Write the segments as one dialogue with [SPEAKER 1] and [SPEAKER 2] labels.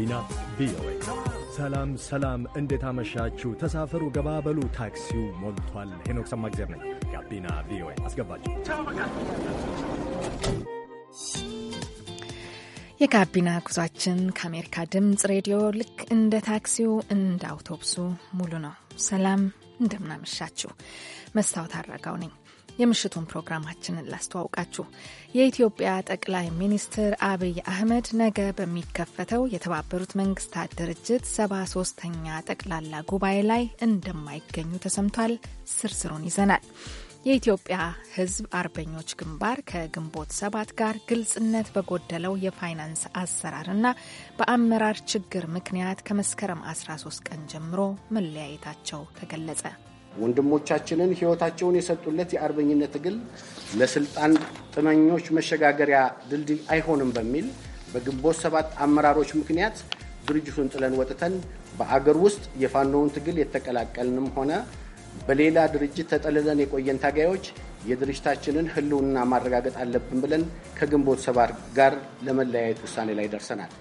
[SPEAKER 1] ጋቢና ቪኦኤ። ሰላም ሰላም፣ እንዴት አመሻችሁ? ተሳፈሩ፣ ገባበሉ፣ ታክሲው ሞልቷል። ሄኖክ ሰማግዜር ነኝ። ጋቢና ቪኦኤ አስገባችሁ።
[SPEAKER 2] የጋቢና ጉዟችን ከአሜሪካ ድምፅ ሬዲዮ ልክ እንደ ታክሲው እንደ አውቶቡሱ ሙሉ ነው። ሰላም፣ እንደምናመሻችሁ። መስታወት አድረጋው ነኝ። የምሽቱን ፕሮግራማችንን ላስተዋውቃችሁ። የኢትዮጵያ ጠቅላይ ሚኒስትር አብይ አህመድ ነገ በሚከፈተው የተባበሩት መንግስታት ድርጅት ሰባ ሶስተኛ ጠቅላላ ጉባኤ ላይ እንደማይገኙ ተሰምቷል። ዝርዝሩን ይዘናል። የኢትዮጵያ ሕዝብ አርበኞች ግንባር ከግንቦት ሰባት ጋር ግልጽነት በጎደለው የፋይናንስ አሰራርና በአመራር ችግር ምክንያት ከመስከረም 13 ቀን ጀምሮ መለያየታቸው
[SPEAKER 3] ተገለጸ። ወንድሞቻችንን ህይወታቸውን የሰጡለት የአርበኝነት ትግል ለስልጣን ጥመኞች መሸጋገሪያ ድልድይ አይሆንም በሚል በግንቦት ሰባት አመራሮች ምክንያት ድርጅቱን ጥለን ወጥተን በአገር ውስጥ የፋኖውን ትግል የተቀላቀልንም ሆነ በሌላ ድርጅት ተጠልለን የቆየን ታጋዮች የድርጅታችንን ህልውና ማረጋገጥ አለብን ብለን ከግንቦት ሰባት ጋር ለመለያየት ውሳኔ ላይ ደርሰናል።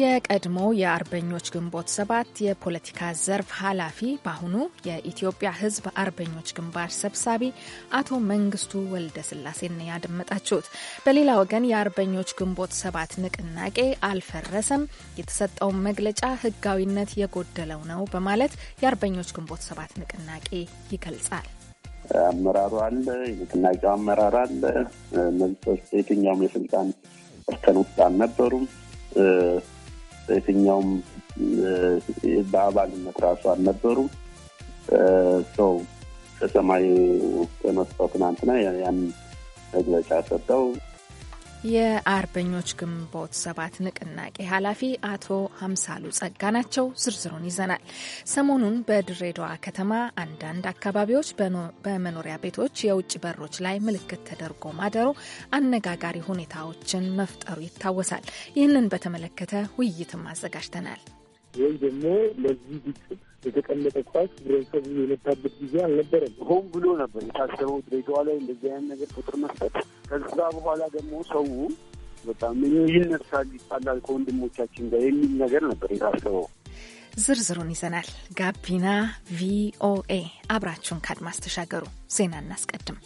[SPEAKER 2] የቀድሞ የአርበኞች ግንቦት ሰባት የፖለቲካ ዘርፍ ኃላፊ በአሁኑ የኢትዮጵያ ሕዝብ አርበኞች ግንባር ሰብሳቢ አቶ መንግስቱ ወልደ ስላሴን ያደመጣችሁት። በሌላ ወገን የአርበኞች ግንቦት ሰባት ንቅናቄ አልፈረሰም፣ የተሰጠው መግለጫ ህጋዊነት የጎደለው ነው በማለት የአርበኞች ግንቦት ሰባት ንቅናቄ ይገልጻል።
[SPEAKER 4] አመራሩ አለ፣ የንቅናቄው አመራር አለ። እነዚህ የትኛውም የስልጣን እርከን ውስጥ አልነበሩም። በየትኛውም በአባልነት ራሱ አልነበሩም። ሰው ከሰማይ ተነስቶ ትናንትና ያን መግለጫ ሰጠው።
[SPEAKER 2] የአርበኞች ግንቦት ሰባት ንቅናቄ ኃላፊ አቶ ሀምሳሉ ጸጋ ናቸው። ዝርዝሩን ይዘናል። ሰሞኑን በድሬዳዋ ከተማ አንዳንድ አካባቢዎች በመኖሪያ ቤቶች የውጭ በሮች ላይ ምልክት ተደርጎ ማደሩ አነጋጋሪ ሁኔታዎችን መፍጠሩ ይታወሳል። ይህንን በተመለከተ ውይይትም አዘጋጅተናል።
[SPEAKER 5] ወይ ደግሞ ለዚህ ግጭት የተቀመጠ ኳስ
[SPEAKER 6] ህብረተሰቡ የመታበት ጊዜ አልነበረም። ሆን ብሎ ነበር የታሰበው ድሬዳዋ ላይ እንደዚህ አይነት ነገር ቁጥር መስጠት። ከዛ በኋላ ደግሞ ሰው በጣም ይነሳል፣ ይጣላል ከወንድሞቻችን ጋር የሚል ነገር ነበር የታሰበው።
[SPEAKER 2] ዝርዝሩን ይዘናል። ጋቢና ቪኦኤ አብራችሁን ከአድማስ ተሻገሩ። ዜና እናስቀድም።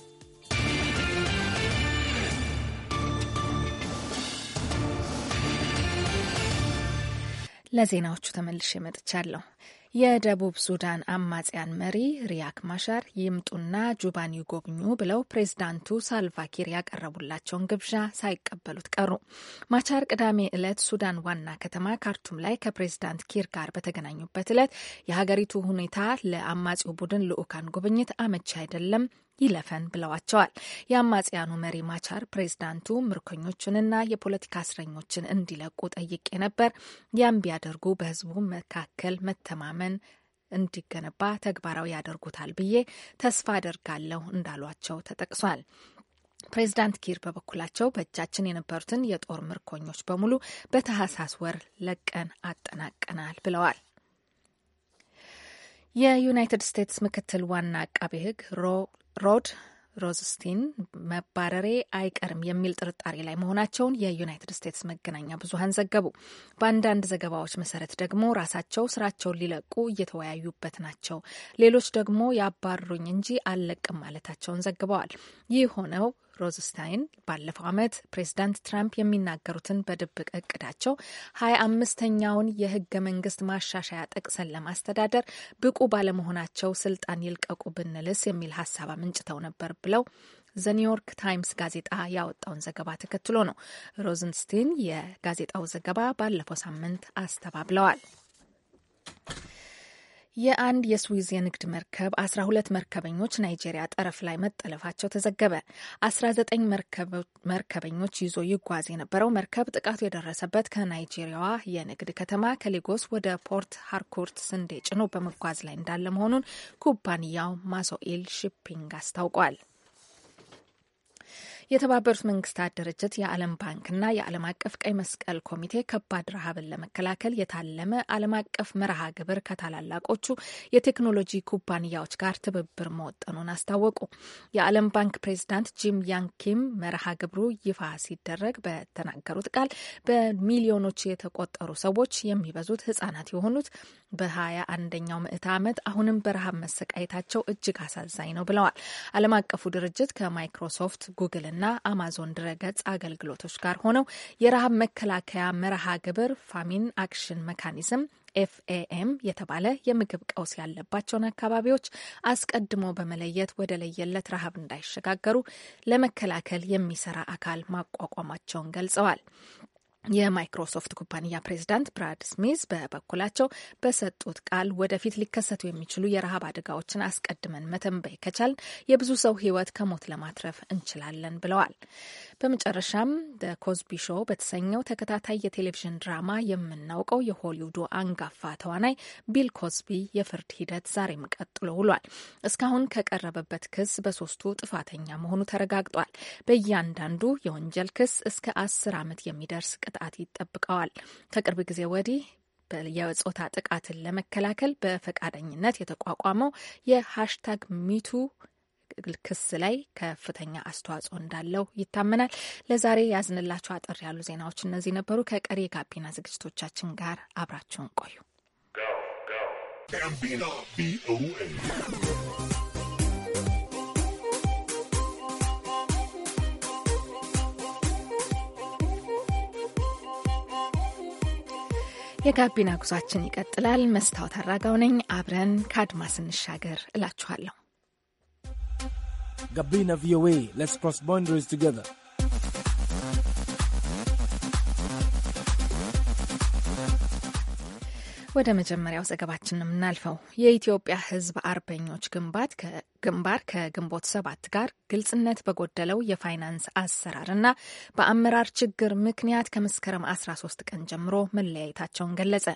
[SPEAKER 2] ለዜናዎቹ ተመልሼ መጥቻለሁ። የደቡብ ሱዳን አማጽያን መሪ ሪያክ ማሻር ይምጡና ጁባን ይጎብኙ ብለው ፕሬዝዳንቱ ሳልቫኪር ያቀረቡላቸውን ግብዣ ሳይቀበሉት ቀሩ። ማቻር ቅዳሜ ዕለት ሱዳን ዋና ከተማ ካርቱም ላይ ከፕሬዝዳንት ኪር ጋር በተገናኙበት ዕለት የሀገሪቱ ሁኔታ ለአማጺው ቡድን ልዑካን ጉብኝት አመቺ አይደለም ይለፈን ብለዋቸዋል። የአማጽያኑ መሪ ማቻር ፕሬዚዳንቱ ምርኮኞቹንና የፖለቲካ እስረኞችን እንዲለቁ ጠይቄ ነበር። ያም ቢያደርጉ በህዝቡ መካከል መተማመን እንዲገነባ ተግባራዊ ያደርጉታል ብዬ ተስፋ አደርጋለሁ እንዳሏቸው ተጠቅሷል። ፕሬዚዳንት ኪር በበኩላቸው በእጃችን የነበሩትን የጦር ምርኮኞች በሙሉ በታህሳስ ወር ለቀን አጠናቀናል ብለዋል። የዩናይትድ ስቴትስ ምክትል ዋና አቃቤ ሕግ ሮ ሮድ ሮዝስቲን መባረሬ አይቀርም የሚል ጥርጣሬ ላይ መሆናቸውን የዩናይትድ ስቴትስ መገናኛ ብዙኃን ዘገቡ። በአንዳንድ ዘገባዎች መሰረት ደግሞ ራሳቸው ስራቸውን ሊለቁ እየተወያዩበት ናቸው፣ ሌሎች ደግሞ ያባርሩኝ እንጂ አልለቅም ማለታቸውን ዘግበዋል። ይህ ሆነው ሮዝስታይን ባለፈው ዓመት ፕሬዚዳንት ትራምፕ የሚናገሩትን በድብቅ እቅዳቸው ሀያ አምስተኛውን የህገ መንግስት ማሻሻያ ጠቅሰን ለማስተዳደር ብቁ ባለመሆናቸው ስልጣን ይልቀቁ ብንልስ የሚል ሀሳብ አምንጭተው ነበር ብለው ዘኒውዮርክ ታይምስ ጋዜጣ ያወጣውን ዘገባ ተከትሎ ነው። ሮዝንስቲን የጋዜጣው ዘገባ ባለፈው ሳምንት አስተባብለዋል። የአንድ የስዊዝ የንግድ መርከብ 12 መርከበኞች ናይጄሪያ ጠረፍ ላይ መጠለፋቸው ተዘገበ። 19 መርከበኞች ይዞ ይጓዝ የነበረው መርከብ ጥቃቱ የደረሰበት ከናይጄሪያዋ የንግድ ከተማ ከሌጎስ ወደ ፖርት ሃርኮርት ስንዴ ጭኖ በመጓዝ ላይ እንዳለ መሆኑን ኩባንያው ማሶኤል ሺፒንግ አስታውቋል። የተባበሩት መንግስታት ድርጅት የዓለም ባንክና የዓለም አቀፍ ቀይ መስቀል ኮሚቴ ከባድ ረሃብን ለመከላከል የታለመ ዓለም አቀፍ መርሃ ግብር ከታላላቆቹ የቴክኖሎጂ ኩባንያዎች ጋር ትብብር መወጠኑን አስታወቁ። የዓለም ባንክ ፕሬዚዳንት ጂም ያንግ ኪም መርሃ ግብሩ ይፋ ሲደረግ በተናገሩት ቃል በሚሊዮኖች የተቆጠሩ ሰዎች የሚበዙት ህጻናት የሆኑት በሀያ አንደኛው ምዕተ ዓመት አሁንም በረሃብ መሰቃየታቸው እጅግ አሳዛኝ ነው ብለዋል። ዓለም አቀፉ ድርጅት ከማይክሮሶፍት ጉግልና እና አማዞን ድረገጽ አገልግሎቶች ጋር ሆነው የረሃብ መከላከያ መርሃ ግብር ፋሚን አክሽን መካኒዝም ኤፍኤኤም የተባለ የምግብ ቀውስ ያለባቸውን አካባቢዎች አስቀድሞ በመለየት ወደ ለየለት ረሃብ እንዳይሸጋገሩ ለመከላከል የሚሰራ አካል ማቋቋማቸውን ገልጸዋል። የማይክሮሶፍት ኩባንያ ፕሬዚዳንት ብራድ ስሚዝ በበኩላቸው በሰጡት ቃል ወደፊት ሊከሰቱ የሚችሉ የረሃብ አደጋዎችን አስቀድመን መተንበይ ከቻል የብዙ ሰው ሕይወት ከሞት ለማትረፍ እንችላለን ብለዋል። በመጨረሻም በኮዝቢ ሾው በተሰኘው ተከታታይ የቴሌቪዥን ድራማ የምናውቀው የሆሊውዱ አንጋፋ ተዋናይ ቢል ኮዝቢ የፍርድ ሂደት ዛሬም ቀጥሎ ውሏል። እስካሁን ከቀረበበት ክስ በሶስቱ ጥፋተኛ መሆኑ ተረጋግጧል። በእያንዳንዱ የወንጀል ክስ እስከ አስር ዓመት የሚደርስ ቅጣት ይጠብቀዋል። ከቅርብ ጊዜ ወዲህ የጾታ ጥቃትን ለመከላከል በፈቃደኝነት የተቋቋመው የሃሽታግ ሚቱ ክስ ላይ ከፍተኛ አስተዋጽኦ እንዳለው ይታመናል። ለዛሬ ያዝንላቸው አጠር ያሉ ዜናዎች እነዚህ ነበሩ። ከቀሪ የጋቢና ዝግጅቶቻችን ጋር አብራችሁን ቆዩ። የጋቢና ጉዟችን ይቀጥላል። መስታወት አራጋው ነኝ። አብረን ከአድማስ እንሻገር እላችኋለሁ።
[SPEAKER 3] ጋቢና ቪኦኤ ሌትስ ክሮስ ቦንደሪስ ቱጌዘር
[SPEAKER 2] ወደ መጀመሪያው ዘገባችን የምናልፈው የኢትዮጵያ ሕዝብ አርበኞች ግንባት ግንባር ከግንቦት ሰባት ጋር ግልጽነት በጎደለው የፋይናንስ አሰራር እና በአመራር ችግር ምክንያት ከመስከረም 13 ቀን ጀምሮ መለያየታቸውን ገለጸ።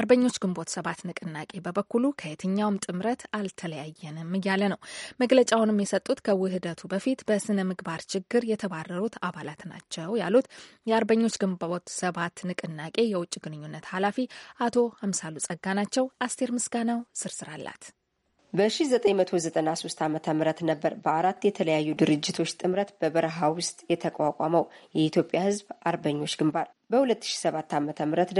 [SPEAKER 2] አርበኞች ግንቦት ሰባት ንቅናቄ በበኩሉ ከየትኛውም ጥምረት አልተለያየንም እያለ ነው። መግለጫውንም የሰጡት ከውህደቱ በፊት በስነ ምግባር ችግር የተባረሩት አባላት ናቸው ያሉት የአርበኞች ግንቦት ሰባት ንቅናቄ የውጭ ግንኙነት ኃላፊ አቶ አምሳሉ ጸጋ ናቸው። አስቴር ምስጋናው ዝርዝር አላት።
[SPEAKER 7] በ1993 ዓ ም ነበር በአራት የተለያዩ ድርጅቶች ጥምረት በበረሃ ውስጥ የተቋቋመው የኢትዮጵያ ህዝብ አርበኞች ግንባር። በ2007 ዓ ም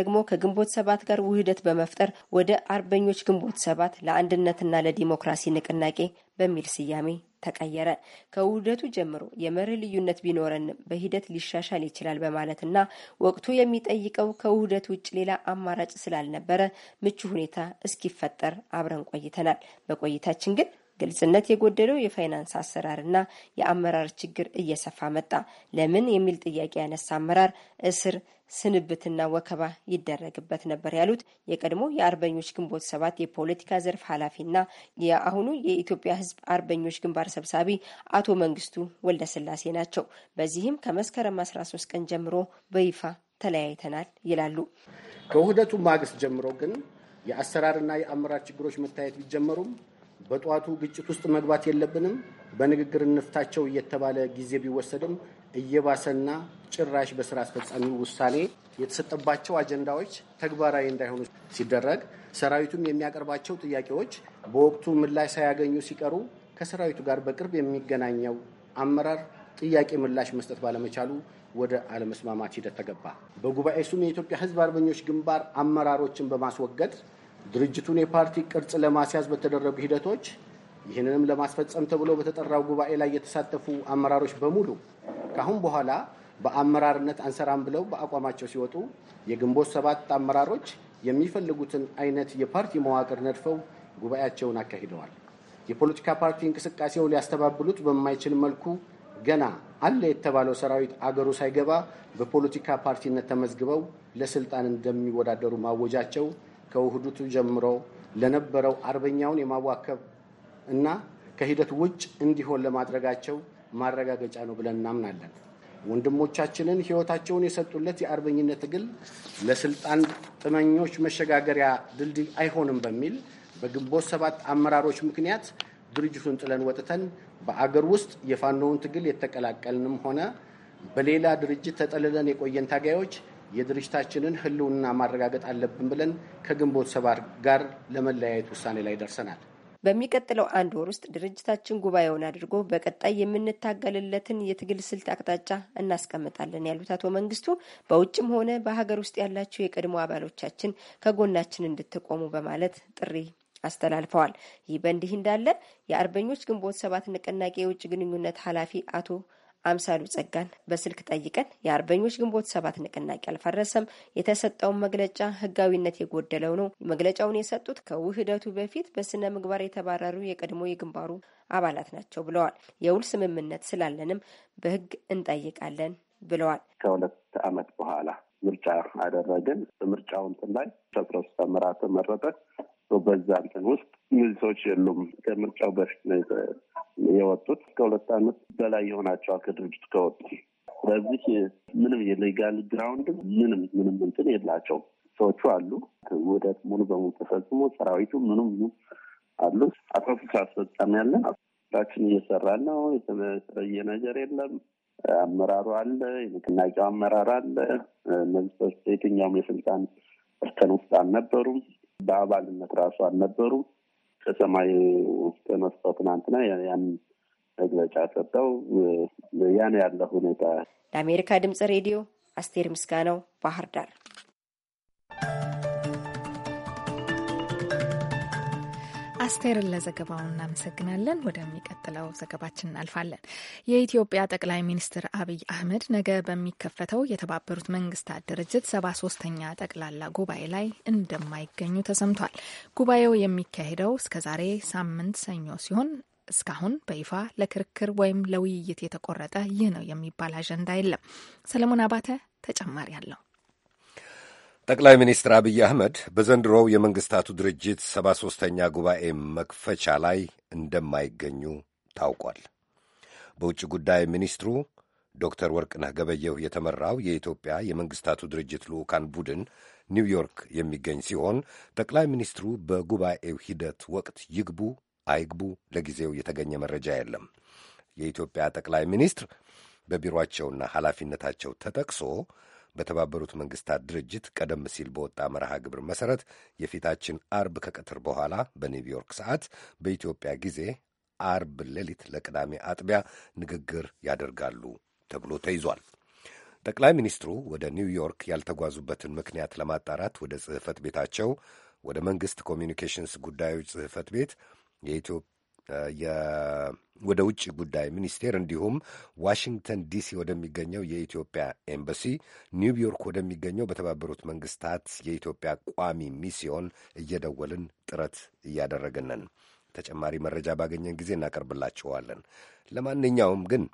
[SPEAKER 7] ደግሞ ከግንቦት ሰባት ጋር ውህደት በመፍጠር ወደ አርበኞች ግንቦት ሰባት ለአንድነትና ለዲሞክራሲ ንቅናቄ በሚል ስያሜ ተቀየረ። ከውህደቱ ጀምሮ የመርህ ልዩነት ቢኖረንም በሂደት ሊሻሻል ይችላል በማለትና ወቅቱ የሚጠይቀው ከውህደት ውጭ ሌላ አማራጭ ስላልነበረ ምቹ ሁኔታ እስኪፈጠር አብረን ቆይተናል። በቆይታችን ግን ግልጽነት የጎደለው የፋይናንስ አሰራርና የአመራር ችግር እየሰፋ መጣ። ለምን የሚል ጥያቄ ያነሳ አመራር እስር፣ ስንብትና ወከባ ይደረግበት ነበር ያሉት የቀድሞ የአርበኞች ግንቦት ሰባት የፖለቲካ ዘርፍ ኃላፊና የአሁኑ የኢትዮጵያ ሕዝብ አርበኞች ግንባር ሰብሳቢ አቶ መንግስቱ ወልደስላሴ ናቸው። በዚህም ከመስከረም 13 ቀን ጀምሮ በይፋ ተለያይተናል ይላሉ።
[SPEAKER 3] ከውህደቱ ማግስት ጀምሮ ግን የአሰራርና የአመራር ችግሮች መታየት ቢጀመሩም በጠዋቱ ግጭት ውስጥ መግባት የለብንም፣ በንግግር እንፍታቸው እየተባለ ጊዜ ቢወሰድም እየባሰና ጭራሽ በስራ አስፈጻሚ ውሳኔ የተሰጠባቸው አጀንዳዎች ተግባራዊ እንዳይሆኑ ሲደረግ ሰራዊቱም የሚያቀርባቸው ጥያቄዎች በወቅቱ ምላሽ ሳያገኙ ሲቀሩ ከሰራዊቱ ጋር በቅርብ የሚገናኘው አመራር ጥያቄ ምላሽ መስጠት ባለመቻሉ ወደ አለመስማማት ሂደት ተገባ። በጉባኤ ሱም የኢትዮጵያ ሕዝብ አርበኞች ግንባር አመራሮችን በማስወገድ ድርጅቱን የፓርቲ ቅርጽ ለማስያዝ በተደረጉ ሂደቶች ይህንንም ለማስፈጸም ተብሎ በተጠራው ጉባኤ ላይ የተሳተፉ አመራሮች በሙሉ ከአሁን በኋላ በአመራርነት አንሰራም ብለው በአቋማቸው ሲወጡ የግንቦት ሰባት አመራሮች የሚፈልጉትን አይነት የፓርቲ መዋቅር ነድፈው ጉባኤያቸውን አካሂደዋል። የፖለቲካ ፓርቲ እንቅስቃሴው ሊያስተባብሉት በማይችል መልኩ ገና አለ የተባለው ሰራዊት አገሩ ሳይገባ በፖለቲካ ፓርቲነት ተመዝግበው ለስልጣን እንደሚወዳደሩ ማወጃቸው ከውህዱቱ ጀምሮ ለነበረው አርበኛውን የማዋከብ እና ከሂደት ውጭ እንዲሆን ለማድረጋቸው ማረጋገጫ ነው ብለን እናምናለን። ወንድሞቻችንን ሕይወታቸውን የሰጡለት የአርበኝነት ትግል ለስልጣን ጥመኞች መሸጋገሪያ ድልድይ አይሆንም በሚል በግንቦት ሰባት አመራሮች ምክንያት ድርጅቱን ጥለን ወጥተን በአገር ውስጥ የፋኖውን ትግል የተቀላቀልንም ሆነ በሌላ ድርጅት ተጠልለን የቆየን ታጋዮች የድርጅታችንን ህልውና ማረጋገጥ አለብን ብለን ከግንቦት ሰባት ጋር ለመለያየት ውሳኔ ላይ ደርሰናል።
[SPEAKER 7] በሚቀጥለው አንድ ወር ውስጥ ድርጅታችን ጉባኤውን አድርጎ በቀጣይ የምንታገልለትን የትግል ስልት አቅጣጫ እናስቀምጣለን ያሉት አቶ መንግስቱ በውጭም ሆነ በሀገር ውስጥ ያላችሁ የቀድሞ አባሎቻችን ከጎናችን እንድትቆሙ በማለት ጥሪ አስተላልፈዋል። ይህ በእንዲህ እንዳለ የአርበኞች ግንቦት ሰባት ንቅናቄ የውጭ ግንኙነት ኃላፊ አቶ አምሳሉ ጸጋን በስልክ ጠይቀን የአርበኞች ግንቦት ሰባት ንቅናቄ አልፈረሰም፣ የተሰጠውን መግለጫ ህጋዊነት የጎደለው ነው። መግለጫውን የሰጡት ከውህደቱ በፊት በስነ ምግባር የተባረሩ የቀድሞ የግንባሩ አባላት ናቸው ብለዋል። የውል ስምምነት ስላለንም በህግ እንጠይቃለን
[SPEAKER 4] ብለዋል። ከሁለት ዓመት በኋላ ምርጫ አደረግን። በምርጫው እንትን ላይ ተጥረስ ተመራ ተመረጠ። በዛ እንትን ውስጥ እነዚህ ሰዎች የሉም። ከምርጫው በፊት ነው የወጡት ከሁለት አመት በላይ የሆናቸዋል ከድርጅቱ ከወጡ። ስለዚህ ምንም የሌጋል ግራውንድ ምንም ምንም እንትን የላቸውም ሰዎቹ አሉ። ውህደት ሙሉ በሙሉ ተፈጽሞ ሰራዊቱ ምኑ ምኑ አሉ። አቶፊስ ስራ አስፈጻሚ ያለን ስራችን እየሰራ ነው። የተለየ ነገር የለም። አመራሩ አለ፣ የንቅናቄው አመራር አለ። እነዚህ ሰዎች የትኛውም የስልጣን እርከን ውስጥ አልነበሩም። በአባልነት ራሱ አልነበሩም። ከሰማይ ተነስቶ ትናንትና ያን መግለጫ ሰጠው። ያን ያለ
[SPEAKER 7] ሁኔታ ለአሜሪካ ድምፅ ሬዲዮ አስቴር ምስጋናው ባህር ዳር
[SPEAKER 2] አስቴርን ለዘገባው እናመሰግናለን። ወደሚቀጥለው ዘገባችን እናልፋለን። የኢትዮጵያ ጠቅላይ ሚኒስትር አብይ አህመድ ነገ በሚከፈተው የተባበሩት መንግስታት ድርጅት ሰባ ሶስተኛ ጠቅላላ ጉባኤ ላይ እንደማይገኙ ተሰምቷል። ጉባኤው የሚካሄደው እስከዛሬ ሳምንት ሰኞ ሲሆን እስካሁን በይፋ ለክርክር ወይም ለውይይት የተቆረጠ ይህ ነው የሚባል አጀንዳ የለም። ሰለሞን አባተ ተጨማሪ አለው።
[SPEAKER 1] ጠቅላይ ሚኒስትር አብይ አህመድ በዘንድሮው የመንግሥታቱ ድርጅት ሰባ ሦስተኛ ጉባኤ መክፈቻ ላይ እንደማይገኙ ታውቋል። በውጭ ጉዳይ ሚኒስትሩ ዶክተር ወርቅነህ ገበየሁ የተመራው የኢትዮጵያ የመንግሥታቱ ድርጅት ልዑካን ቡድን ኒውዮርክ የሚገኝ ሲሆን ጠቅላይ ሚኒስትሩ በጉባኤው ሂደት ወቅት ይግቡ አይግቡ ለጊዜው የተገኘ መረጃ የለም። የኢትዮጵያ ጠቅላይ ሚኒስትር በቢሮአቸውና ኃላፊነታቸው ተጠቅሶ በተባበሩት መንግስታት ድርጅት ቀደም ሲል በወጣ መርሃ ግብር መሰረት የፊታችን አርብ ከቀትር በኋላ በኒውዮርክ ሰዓት በኢትዮጵያ ጊዜ አርብ ሌሊት ለቅዳሜ አጥቢያ ንግግር ያደርጋሉ ተብሎ ተይዟል። ጠቅላይ ሚኒስትሩ ወደ ኒውዮርክ ያልተጓዙበትን ምክንያት ለማጣራት ወደ ጽህፈት ቤታቸው ወደ መንግሥት ኮሚኒኬሽንስ ጉዳዮች ጽህፈት ቤት የኢትዮጵያ ወደ ውጭ ጉዳይ ሚኒስቴር እንዲሁም ዋሽንግተን ዲሲ ወደሚገኘው የኢትዮጵያ ኤምባሲ፣ ኒውዮርክ ወደሚገኘው በተባበሩት መንግስታት የኢትዮጵያ ቋሚ ሚስዮን እየደወልን ጥረት እያደረግንን ተጨማሪ መረጃ ባገኘን ጊዜ እናቀርብላችኋለን። ለማንኛውም ግን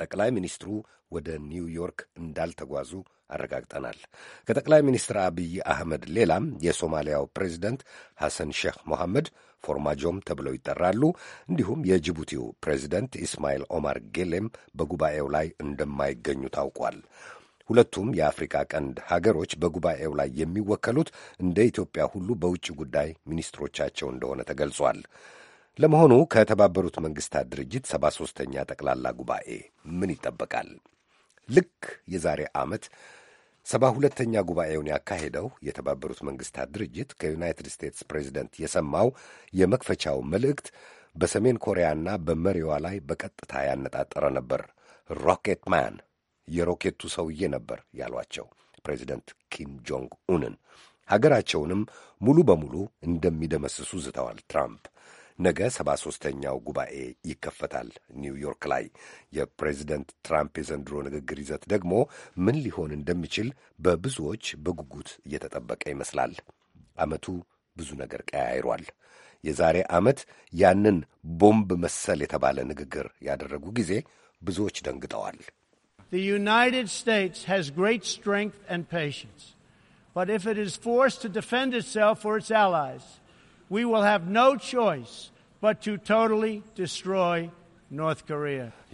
[SPEAKER 1] ጠቅላይ ሚኒስትሩ ወደ ኒውዮርክ እንዳልተጓዙ አረጋግጠናል። ከጠቅላይ ሚኒስትር አብይ አህመድ ሌላም የሶማሊያው ፕሬዚደንት ሐሰን ሼህ ሞሐመድ ፎርማጆም ተብለው ይጠራሉ። እንዲሁም የጅቡቲው ፕሬዚደንት ኢስማኤል ኦማር ጌሌም በጉባኤው ላይ እንደማይገኙ ታውቋል። ሁለቱም የአፍሪካ ቀንድ ሀገሮች በጉባኤው ላይ የሚወከሉት እንደ ኢትዮጵያ ሁሉ በውጭ ጉዳይ ሚኒስትሮቻቸው እንደሆነ ተገልጿል። ለመሆኑ ከተባበሩት መንግስታት ድርጅት ሰባ ሦስተኛ ጠቅላላ ጉባኤ ምን ይጠበቃል? ልክ የዛሬ ዓመት ሰባ ሁለተኛ ጉባኤውን ያካሄደው የተባበሩት መንግስታት ድርጅት ከዩናይትድ ስቴትስ ፕሬዚደንት የሰማው የመክፈቻው መልእክት በሰሜን ኮሪያና በመሪዋ ላይ በቀጥታ ያነጣጠረ ነበር። ሮኬት ማን የሮኬቱ ሰውዬ ነበር ያሏቸው ፕሬዚደንት ኪም ጆንግ ኡንን ሀገራቸውንም ሙሉ በሙሉ እንደሚደመስሱ ዝተዋል ትራምፕ ነገ ሰባ ሶስተኛው ጉባኤ ይከፈታል ኒውዮርክ ላይ። የፕሬዚደንት ትራምፕ የዘንድሮ ንግግር ይዘት ደግሞ ምን ሊሆን እንደሚችል በብዙዎች በጉጉት እየተጠበቀ ይመስላል። ዓመቱ ብዙ ነገር ቀያይሯል። የዛሬ ዓመት ያንን ቦምብ መሰል የተባለ ንግግር ያደረጉ ጊዜ ብዙዎች ደንግጠዋል።
[SPEAKER 3] The United States has great strength and patience, but if it is forced to defend itself or its allies, we will have no choice but to totally destroy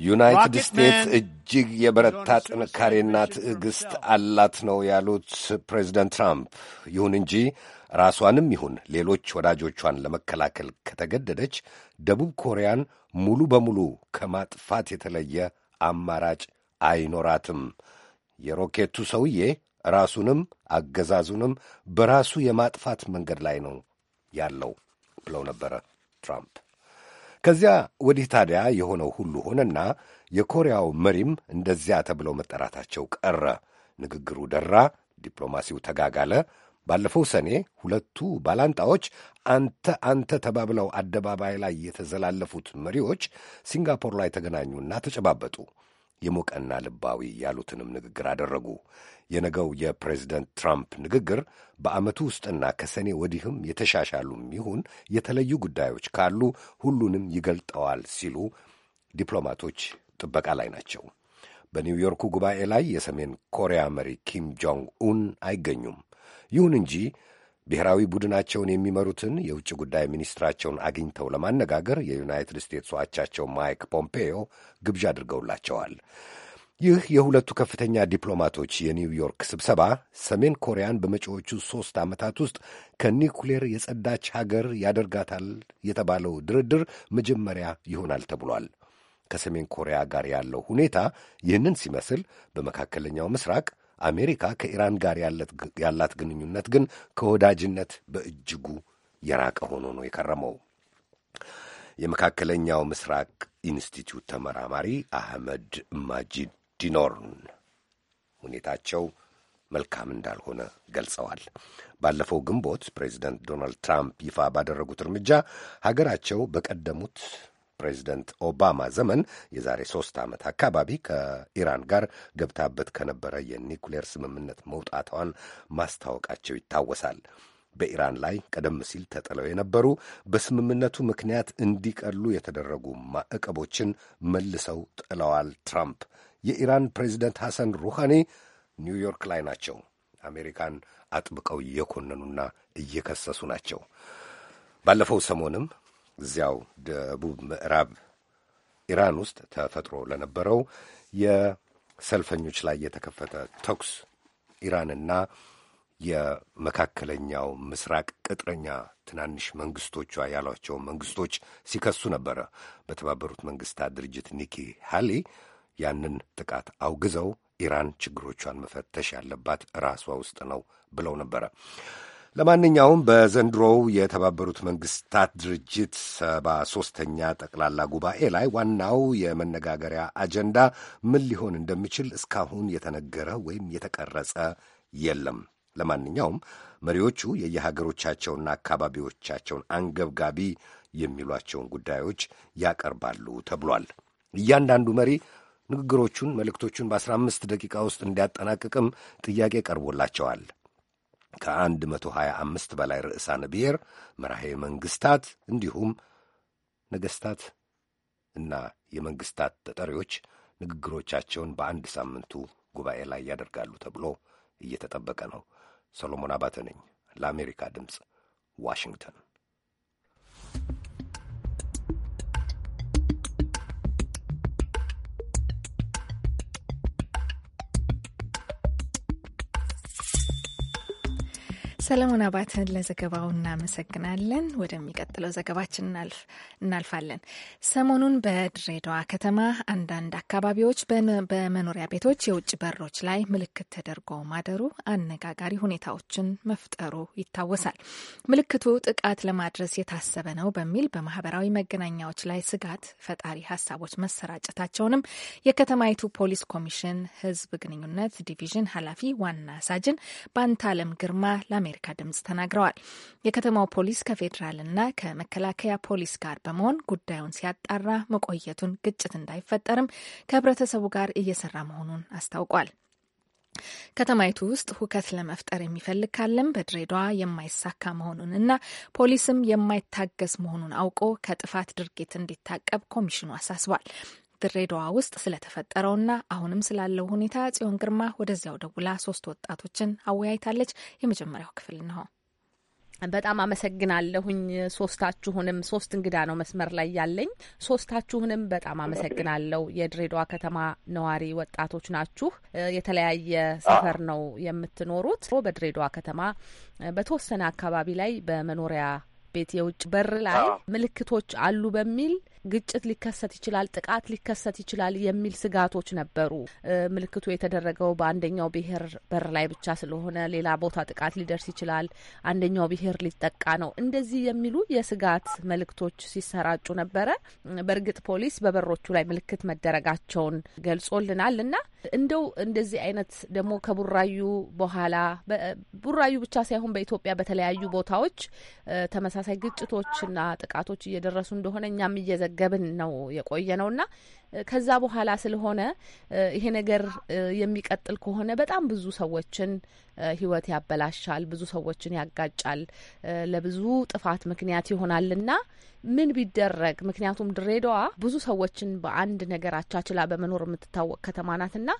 [SPEAKER 3] ዩናይትድ ስቴትስ
[SPEAKER 1] እጅግ የበረታ ጥንካሬና ትዕግስት አላት ነው ያሉት ፕሬዚደንት ትራምፕ። ይሁን እንጂ ራሷንም ይሁን ሌሎች ወዳጆቿን ለመከላከል ከተገደደች ደቡብ ኮሪያን ሙሉ በሙሉ ከማጥፋት የተለየ አማራጭ አይኖራትም። የሮኬቱ ሰውዬ ራሱንም አገዛዙንም በራሱ የማጥፋት መንገድ ላይ ነው ያለው ብለው ነበረ ትራምፕ። ከዚያ ወዲህ ታዲያ የሆነው ሁሉ ሆነና የኮሪያው መሪም እንደዚያ ተብለው መጠራታቸው ቀረ። ንግግሩ ደራ፣ ዲፕሎማሲው ተጋጋለ። ባለፈው ሰኔ ሁለቱ ባላንጣዎች አንተ አንተ ተባብለው አደባባይ ላይ የተዘላለፉት መሪዎች ሲንጋፖር ላይ ተገናኙና ተጨባበጡ። የሞቀና ልባዊ ያሉትንም ንግግር አደረጉ። የነገው የፕሬዚደንት ትራምፕ ንግግር በዓመቱ ውስጥና ከሰኔ ወዲህም የተሻሻሉም ይሁን የተለዩ ጉዳዮች ካሉ ሁሉንም ይገልጠዋል ሲሉ ዲፕሎማቶች ጥበቃ ላይ ናቸው። በኒውዮርኩ ጉባኤ ላይ የሰሜን ኮሪያ መሪ ኪም ጆንግ ኡን አይገኙም። ይሁን እንጂ ብሔራዊ ቡድናቸውን የሚመሩትን የውጭ ጉዳይ ሚኒስትራቸውን አግኝተው ለማነጋገር የዩናይትድ ስቴትስ አቻቸው ማይክ ፖምፔዮ ግብዣ አድርገውላቸዋል። ይህ የሁለቱ ከፍተኛ ዲፕሎማቶች የኒውዮርክ ስብሰባ ሰሜን ኮሪያን በመጪዎቹ ሦስት ዓመታት ውስጥ ከኒውክሌር የጸዳች ሀገር ያደርጋታል የተባለው ድርድር መጀመሪያ ይሆናል ተብሏል። ከሰሜን ኮሪያ ጋር ያለው ሁኔታ ይህንን ሲመስል በመካከለኛው ምስራቅ አሜሪካ ከኢራን ጋር ያላት ግንኙነት ግን ከወዳጅነት በእጅጉ የራቀ ሆኖ ነው የከረመው። የመካከለኛው ምስራቅ ኢንስቲትዩት ተመራማሪ አህመድ ማጂድ ዲኖርን ሁኔታቸው መልካም እንዳልሆነ ገልጸዋል። ባለፈው ግንቦት ፕሬዚደንት ዶናልድ ትራምፕ ይፋ ባደረጉት እርምጃ ሀገራቸው በቀደሙት ፕሬዚደንት ኦባማ ዘመን የዛሬ ሶስት ዓመት አካባቢ ከኢራን ጋር ገብታበት ከነበረ የኒኩሌር ስምምነት መውጣቷን ማስታወቃቸው ይታወሳል። በኢራን ላይ ቀደም ሲል ተጥለው የነበሩ በስምምነቱ ምክንያት እንዲቀሉ የተደረጉ ማዕቀቦችን መልሰው ጥለዋል ትራምፕ። የኢራን ፕሬዚደንት ሐሰን ሩሃኒ ኒውዮርክ ላይ ናቸው። አሜሪካን አጥብቀው እየኮነኑና እየከሰሱ ናቸው። ባለፈው ሰሞንም እዚያው ደቡብ ምዕራብ ኢራን ውስጥ ተፈጥሮ ለነበረው የሰልፈኞች ላይ የተከፈተ ተኩስ ኢራንና የመካከለኛው ምስራቅ ቅጥረኛ ትናንሽ መንግስቶቿ ያሏቸውን መንግስቶች ሲከሱ ነበረ። በተባበሩት መንግስታት ድርጅት ኒኪ ሃሊ ያንን ጥቃት አውግዘው ኢራን ችግሮቿን መፈተሽ ያለባት ራሷ ውስጥ ነው ብለው ነበረ። ለማንኛውም በዘንድሮው የተባበሩት መንግስታት ድርጅት ሰባ ሶስተኛ ጠቅላላ ጉባኤ ላይ ዋናው የመነጋገሪያ አጀንዳ ምን ሊሆን እንደሚችል እስካሁን የተነገረ ወይም የተቀረጸ የለም። ለማንኛውም መሪዎቹ የየሀገሮቻቸውና አካባቢዎቻቸውን አንገብጋቢ የሚሏቸውን ጉዳዮች ያቀርባሉ ተብሏል። እያንዳንዱ መሪ ንግግሮቹን፣ መልእክቶቹን በአስራ አምስት ደቂቃ ውስጥ እንዲያጠናቅቅም ጥያቄ ቀርቦላቸዋል። ከአንድ 125 በላይ ርዕሳነ ብሔር መራሄ መንግስታት እንዲሁም ነገስታት እና የመንግስታት ተጠሪዎች ንግግሮቻቸውን በአንድ ሳምንቱ ጉባኤ ላይ ያደርጋሉ ተብሎ እየተጠበቀ ነው። ሰሎሞን አባተ ነኝ ለአሜሪካ ድምፅ ዋሽንግተን።
[SPEAKER 2] ሰለሞን አባትን ለዘገባው እናመሰግናለን። ወደሚቀጥለው ዘገባችን እናልፋለን። ሰሞኑን በድሬዳዋ ከተማ አንዳንድ አካባቢዎች በመኖሪያ ቤቶች የውጭ በሮች ላይ ምልክት ተደርጎ ማደሩ አነጋጋሪ ሁኔታዎችን መፍጠሩ ይታወሳል። ምልክቱ ጥቃት ለማድረስ የታሰበ ነው በሚል በማህበራዊ መገናኛዎች ላይ ስጋት ፈጣሪ ሀሳቦች መሰራጨታቸውንም የከተማይቱ ፖሊስ ኮሚሽን ህዝብ ግንኙነት ዲቪዥን ኃላፊ ዋና ሳጅን ባንታለም ግርማ ለአሜሪካ ለአሜሪካ ድምጽ ተናግረዋል። የከተማው ፖሊስ ከፌዴራልና ከመከላከያ ፖሊስ ጋር በመሆን ጉዳዩን ሲያጣራ መቆየቱን፣ ግጭት እንዳይፈጠርም ከህብረተሰቡ ጋር እየሰራ መሆኑን አስታውቋል። ከተማይቱ ውስጥ ሁከት ለመፍጠር የሚፈልግ ካለም በድሬዳዋ የማይሳካ መሆኑን እና ፖሊስም የማይታገስ መሆኑን አውቆ ከጥፋት ድርጊት እንዲታቀብ ኮሚሽኑ አሳስቧል። ድሬዳዋ ውስጥ ስለተፈጠረውና አሁንም ስላለው ሁኔታ ጽዮን ግርማ ወደዚያው ደውላ ሶስት ወጣቶችን አወያይታለች። የመጀመሪያው
[SPEAKER 8] ክፍል ነው። በጣም አመሰግናለሁኝ ሶስታችሁንም። ሶስት እንግዳ ነው መስመር ላይ ያለኝ። ሶስታችሁንም በጣም አመሰግናለሁ። የድሬዳዋ ከተማ ነዋሪ ወጣቶች ናችሁ። የተለያየ ሰፈር ነው የምትኖሩት። በድሬዳዋ ከተማ በተወሰነ አካባቢ ላይ በመኖሪያ ቤት የውጭ በር ላይ ምልክቶች አሉ በሚል ግጭት ሊከሰት ይችላል፣ ጥቃት ሊከሰት ይችላል የሚል ስጋቶች ነበሩ። ምልክቱ የተደረገው በአንደኛው ብሔር በር ላይ ብቻ ስለሆነ ሌላ ቦታ ጥቃት ሊደርስ ይችላል፣ አንደኛው ብሔር ሊጠቃ ነው፣ እንደዚህ የሚሉ የስጋት መልእክቶች ሲሰራጩ ነበረ። በእርግጥ ፖሊስ በበሮቹ ላይ ምልክት መደረጋቸውን ገልጾልናል እና እንደው እንደዚህ አይነት ደግሞ ከቡራዩ በኋላ ቡራዩ ብቻ ሳይሆን በኢትዮጵያ በተለያዩ ቦታዎች ተመሳሳይ ግጭቶችና ጥቃቶች እየደረሱ እንደሆነ እኛም እየዘገብን ነው የቆየ ነውና ከዛ በኋላ ስለሆነ ይሄ ነገር የሚቀጥል ከሆነ በጣም ብዙ ሰዎችን ሕይወት ያበላሻል፣ ብዙ ሰዎችን ያጋጫል፣ ለብዙ ጥፋት ምክንያት ይሆናልና ምን ቢደረግ ምክንያቱም ድሬዳዋ ብዙ ሰዎችን በአንድ ነገር አቻችላ በመኖር የምትታወቅ ከተማ ናትና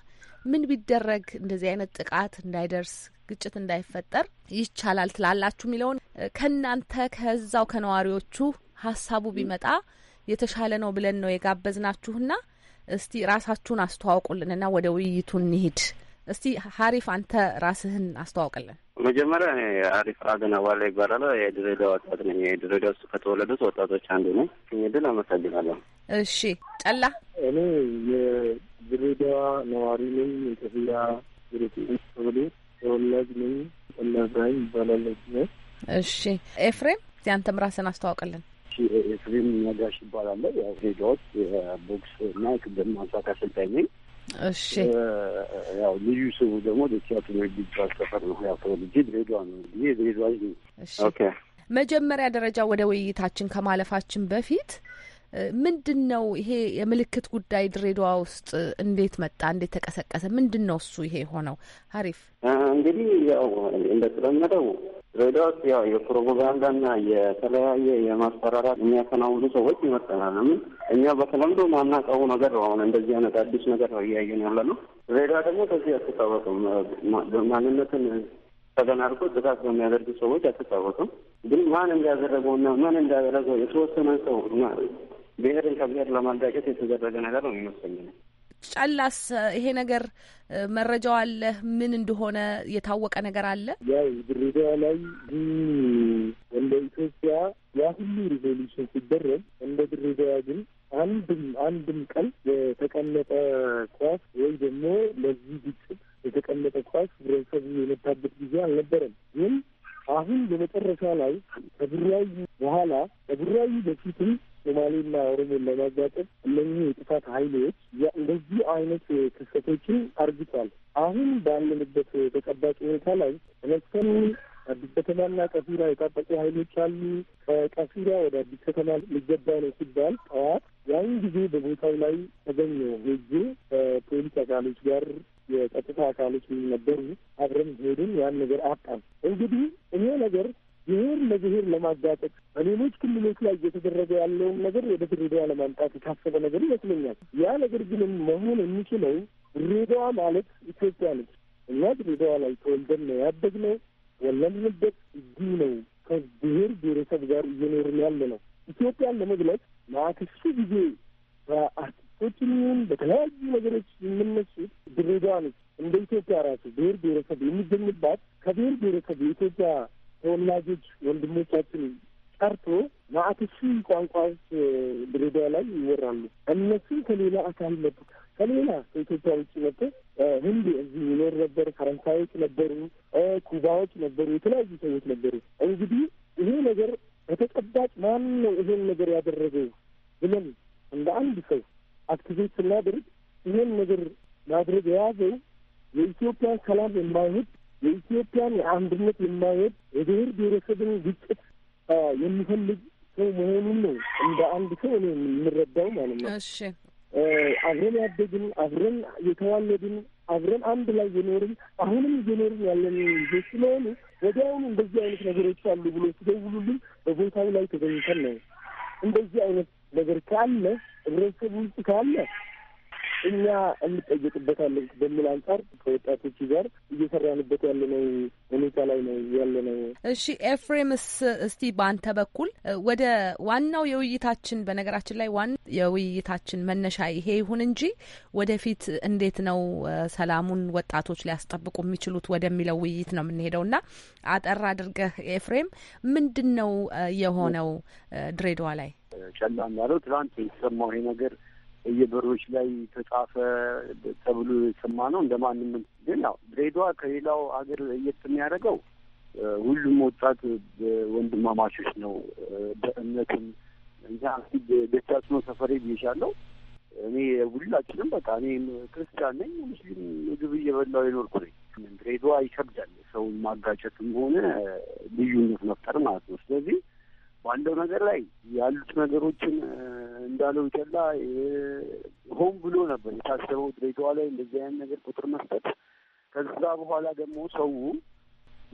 [SPEAKER 8] ምን ቢደረግ እንደዚህ አይነት ጥቃት እንዳይደርስ ግጭት እንዳይፈጠር ይቻላል ትላላችሁ የሚለውን ከእናንተ ከዛው ከነዋሪዎቹ ሀሳቡ ቢመጣ የተሻለ ነው ብለን ነው የጋበዝናችሁና እስቲ ራሳችሁን አስተዋውቁልንና ወደ ውይይቱ እንሂድ። እስቲ ሀሪፍ አንተ ራስህን አስተዋውቅልን።
[SPEAKER 6] መጀመሪያ
[SPEAKER 4] እኔ አሪፍ አገናባላ ይባላል። የድሬዳዋ ወጣት ነኝ። የድሬዳዋ ውስጥ ከተወለዱት ወጣቶች አንዱ ነኝ።
[SPEAKER 6] ድል አመሰግናለሁ።
[SPEAKER 5] እሺ ጠላ እኔ የድሬዳዋ ነዋሪ ነኝ። የጥፍያ ድሬዳዋ ተወላጅ ነኝ። ጠላ ብራሂም ነ
[SPEAKER 8] እሺ ኤፍሬም ያንተም ራስን አስተዋውቅልን።
[SPEAKER 5] ኤፍሬም
[SPEAKER 6] ነጋሽ ይባላለሁ። ያው ድሬዳዋ ውስጥ የቦክስ እና የክብደት ማንሳት አሰልጣኝ ነኝ። እሺ ያው ልዩ ስሙ ደግሞ ደኪያቱ የሚባል ሰፈር ነው። ያው ተወልጄ ድሬዳዋ ነው። ጊዜ ድሬዳዋ ነው።
[SPEAKER 8] መጀመሪያ ደረጃ ወደ ውይይታችን ከማለፋችን በፊት ምንድን ነው ይሄ የምልክት ጉዳይ ድሬዳዋ ውስጥ እንዴት መጣ? እንዴት ተቀሰቀሰ? ምንድን ነው እሱ ይሄ ሆነው? አሪፍ
[SPEAKER 6] እንግዲህ ያው እንደተለመደው ድሬዳዋ ውስጥ ያው የፕሮፓጋንዳና የተለያየ የማስፈራራት የሚያከናውኑ ሰዎች ይመጠናል። እኛ በተለምዶ ማናቀው ነገር ነው። አሁን እንደዚህ አይነት አዲስ ነገር ነው እያየን ያለ ነው። ድሬዳዋ ደግሞ ከዚህ አትታወቅም። ማንነትን ተገን አድርጎ ጥቃት በሚያደርጉ ሰዎች አትታወቅም። ግን ማን እንዳደረገውና ማን እንዳደረገው የተወሰነ ሰው ብሔርን ከብሔር ለማዳጨት የተደረገ ነገር ነው የሚመስለኝ።
[SPEAKER 8] ጨላስ ይሄ ነገር መረጃው አለ? ምን እንደሆነ የታወቀ ነገር አለ?
[SPEAKER 5] ያው ድሬዳዋ ላይ እንደ ኢትዮጵያ ያ ሁሉ ሪዞሉሽን ሲደረግ እንደ ድሬዳዋ ግን አንድም አንድም ቀን የተቀመጠ ኳስ ወይ ደግሞ ለዚህ ግጭት የተቀመጠ ኳስ ህብረተሰቡ የመታበት ጊዜ አልነበረም። ግን አሁን በመጨረሻ ላይ ከቡራዩ በኋላ ከቡራዩ በፊትም ሶማሌና ኦሮሞን ለማጋጠም እነኚህ የጥፋት ኃይሎች እንደዚህ አይነት ክስተቶችን አርግቷል። አሁን ባለንበት ተጨባጭ ሁኔታ ላይ ተነስተን አዲስ ከተማና ቀፊራ የታጠቁ ኃይሎች አሉ። ከቀፊራ ወደ አዲስ ከተማ ሊገባ ነው ሲባል ጠዋት ያን ጊዜ በቦታው ላይ ተገኘ ሄጄ ከፖሊስ አካሎች ጋር የጸጥታ አካሎች ነበሩ። አብረን ሄድን። ያን ነገር አጣም እንግዲህ እኔ ነገር ብሔር ለብሔር ለማጋጠጥ በሌሎች ክልሎች ላይ እየተደረገ ያለውን ነገር ወደ ድሬዳዋ ለማምጣት የታሰበ ነገር ይመስለኛል። ያ ነገር ግን መሆን የሚችለው ድሬዳዋ ማለት ኢትዮጵያ ነች። እኛ ድሬዳዋ ላይ ተወልደን ነው ያደግነው። ወለድንበት እዚህ ነው። ከብሔር ብሔረሰብ ጋር እየኖርን ያለ ነው። ኢትዮጵያን ለመግለጽ ማክሱ ጊዜ በአርቲስቶች በተለያዩ ነገሮች የምነሱት ድሬዳዋ ነች። እንደ ኢትዮጵያ ራሱ ብሔር ብሔረሰብ የሚገኝባት ከብሔር ብሔረሰብ የኢትዮጵያ ተወላጆች ወንድሞቻችን ጠርቶ ማአት ሺህ ቋንቋዎች ድሬዳዋ ላይ ይወራሉ። እነሱም ከሌላ አካል መጡ ከሌላ ከኢትዮጵያ ውጭ መጥቶ ህንድ እዚህ ይኖር ነበር፣ ፈረንሳዮች ነበሩ፣ ኩባዎች ነበሩ፣ የተለያዩ ሰዎች ነበሩ። እንግዲህ ይሄ ነገር በተጨባጭ ማን ነው ይሄን ነገር ያደረገው ብለን እንደ አንድ ሰው አክቲቬት ስናደርግ ይሄን ነገር ማድረግ የያዘው የኢትዮጵያ ሰላም የማይሁድ የኢትዮጵያን የአንድነት የማይወድ የብሔር ብሔረሰብን ግጭት የሚፈልግ ሰው መሆኑን ነው እንደ አንድ ሰው እኔ የምንረዳው ማለት ነው። አብረን ያደግን፣ አብረን የተዋለድን፣ አብረን አንድ ላይ የኖርን አሁንም እየኖርን ያለን ልጆች ስለሆኑ ወዲያውኑ እንደዚህ አይነት ነገሮች አሉ ብሎ ሲደውሉልን በቦታው ላይ ተገኝተን ነው እንደዚህ አይነት ነገር ካለ ህብረተሰብ ውስጥ ካለ እኛ እንጠየቅበታለን በሚል አንጻር ከወጣቶቹ ጋር እየሰራንበት ያለ ነው ሁኔታ ላይ ነው ያለ
[SPEAKER 8] ነው። እሺ ኤፍሬምስ፣ እስቲ በአንተ በኩል ወደ ዋናው የውይይታችን በነገራችን ላይ ዋና የውይይታችን መነሻ ይሄ ይሁን እንጂ ወደፊት እንዴት ነው ሰላሙን ወጣቶች ሊያስጠብቁ የሚችሉት ወደሚለው ውይይት ነው የምንሄደው እና አጠር አድርገህ ኤፍሬም፣ ምንድን ነው የሆነው ድሬዳዋ ላይ?
[SPEAKER 6] ጨላ እንዳለው ትናንት የተሰማው ይሄ ነገር በየበሮች ላይ ተጻፈ ተብሎ የሰማ ነው እንደ ማንንም። ግን ያው ድሬዳዋ ከሌላው ሀገር ለየት የሚያደርገው ሁሉም ወጣት ወንድማማቾች ነው። በእምነትም እዛ ደቻስኖ ሰፈሬ ብዬሻለሁ። እኔ ሁላችንም በቃ እኔ ክርስቲያን ነኝ፣ ሙስሊም ምግብ እየበላው የኖርኩ ነኝ። ድሬዳዋ ይከብዳል ሰውን ማጋጨትም ሆነ ልዩነት መፍጠር ማለት ነው። ስለዚህ ባለው ነገር ላይ ያሉት ነገሮችን እንዳለው ጨላ ሆን ብሎ ነበር የታሰበው ድሬዳዋ ላይ እንደዚህ አይነት ነገር ቁጥር መስጠት። ከዛ በኋላ ደግሞ ሰው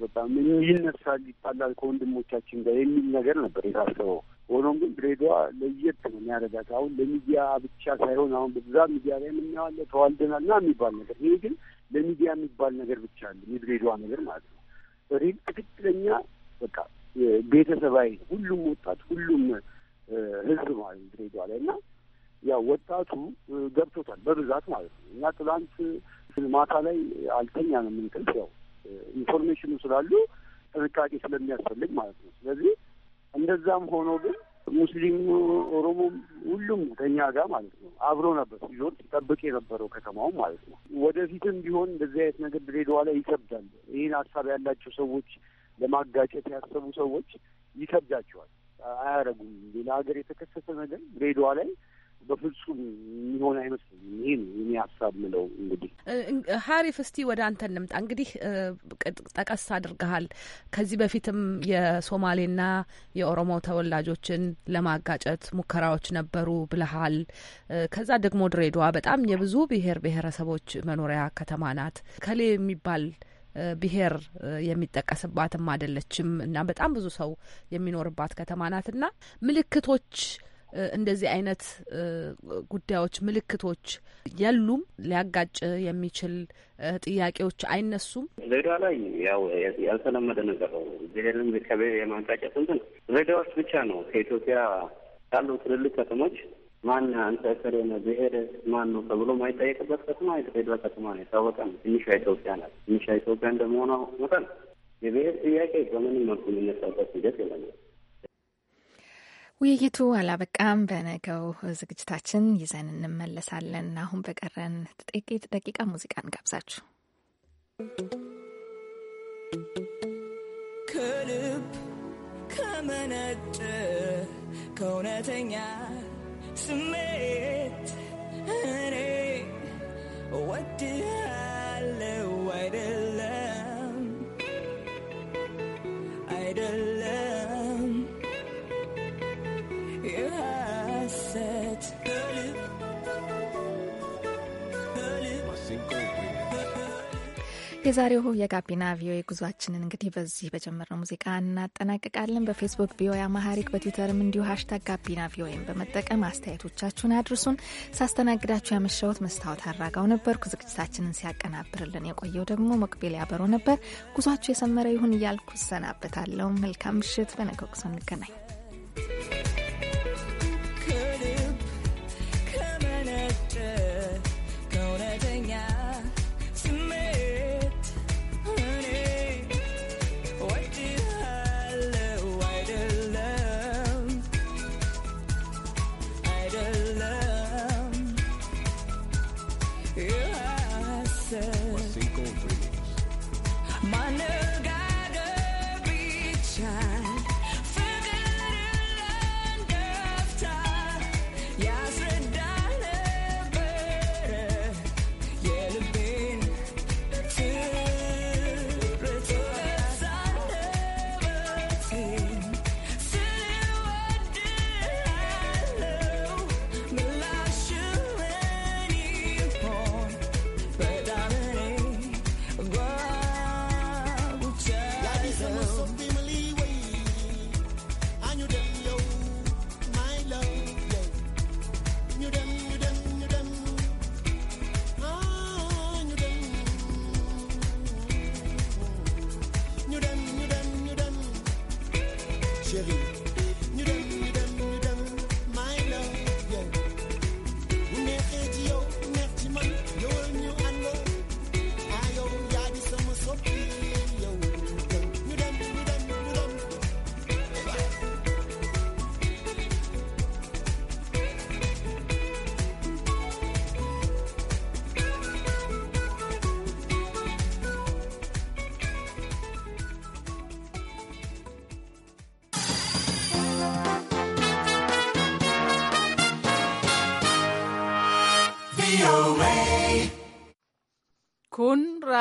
[SPEAKER 6] በጣም ይነሳል፣ ይጣላል ከወንድሞቻችን ጋር የሚል ነገር ነበር የታሰበው። ሆኖም ግን ድሬዳዋ ለየት ነው የሚያደርጋት። አሁን ለሚዲያ ብቻ ሳይሆን አሁን በብዛት ሚዲያ ላይ የምናዋለ ተዋልደናል ና የሚባል ነገር፣ ይሄ ግን ለሚዲያ የሚባል ነገር ብቻ አለ የድሬዳዋ ነገር ማለት ነው። ሪል ትክክለኛ በቃ ቤተሰባዊ ሁሉም ወጣት ሁሉም ህዝብ ማለት ድሬዳዋ ላይ እና ያው ወጣቱ ገብቶታል በብዛት ማለት ነው። እና ትላንት ማታ ላይ አልተኛ ነው የምንቅልፍ ያው ኢንፎርሜሽኑ ስላሉ ጥንቃቄ ስለሚያስፈልግ ማለት ነው። ስለዚህ እንደዛም ሆኖ ግን ሙስሊም፣ ኦሮሞም ሁሉም ከኛ ጋር ማለት ነው አብሮ ነበር ሲዞር ሲጠብቅ የነበረው ከተማውም ማለት ነው። ወደፊትም ቢሆን እንደዚህ አይነት ነገር ድሬዳዋ ላይ ይከብዳል። ይህን ሀሳብ ያላቸው ሰዎች ለማጋጨት ያሰቡ ሰዎች ይከብዳቸዋል። አያረጉም። ሌላ ሀገር የተከሰተ ነገር ሬዲዋ ላይ በፍጹም የሚሆን አይመስልም። ነው እኔ ሀሳብ ምለው እንግዲህ
[SPEAKER 8] ሀሪፍ እስቲ ወደ አንተ እንምጣ እንግዲህ ጠቀስ አድርገሃል። ከዚህ በፊትም የሶማሌና የኦሮሞ ተወላጆችን ለማጋጨት ሙከራዎች ነበሩ ብለሃል። ከዛ ደግሞ ድሬዳዋ በጣም የብዙ ብሔር ብሔረሰቦች መኖሪያ ከተማ ናት። ከሌ የሚባል ብሔር የሚጠቀስባትም አይደለችም እና በጣም ብዙ ሰው የሚኖርባት ከተማ ናት እና ምልክቶች እንደዚህ አይነት ጉዳዮች ምልክቶች የሉም። ሊያጋጭ የሚችል ጥያቄዎች አይነሱም።
[SPEAKER 6] ድሬዳዋ ላይ ያው ያልተለመደ ነገር ነው። ብሔርን ከብሔር እንትን ድሬዳዋ ብቻ ነው ከኢትዮጵያ ካሉ ትልልቅ ከተሞች ማን አንተ እከሌ ነህ ብሄር ማን ነው ተብሎ ማይጠየቅበት ከተማ የተሄደ ከተማ ነው። የታወቀ ነው። ትንሿ ኢትዮጵያ ናት። ትንሿ ኢትዮጵያ እንደመሆኗ መጠን የብሄር ጥያቄ በምንም መልኩ የሚነሳበት ሂደት የለም።
[SPEAKER 2] ውይይቱ አላበቃም። በነገው ዝግጅታችን ይዘን እንመለሳለን። አሁን በቀረን ጥቂት ደቂቃ ሙዚቃ እንጋብዛችሁ።
[SPEAKER 7] ከልብ ከመነጨ ከእውነተኛ submit. Honey, what did I?
[SPEAKER 2] የዛሬው የጋቢና ቪኦኤ ጉዟችንን እንግዲህ በዚህ በጀመርነው ሙዚቃ እናጠናቀቃለን። በፌስቡክ ቪኦኤ አማሃሪክ በትዊተርም እንዲሁ ሀሽታግ ጋቢና ቪኦኤን በመጠቀም አስተያየቶቻችሁን አድርሱን። ሳስተናግዳችሁ ያመሻወት መስታወት አራጋው ነበርኩ። ዝግጅታችንን ሲያቀናብርልን የቆየው ደግሞ መቅቤል ያበሮ ነበር። ጉዟችሁ የሰመረ ይሁን እያልኩ እሰናበታለሁ። መልካም ምሽት። በነገው ጉዞ እንገናኝ።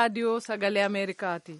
[SPEAKER 8] raadiyoo sagale Ameerikaati.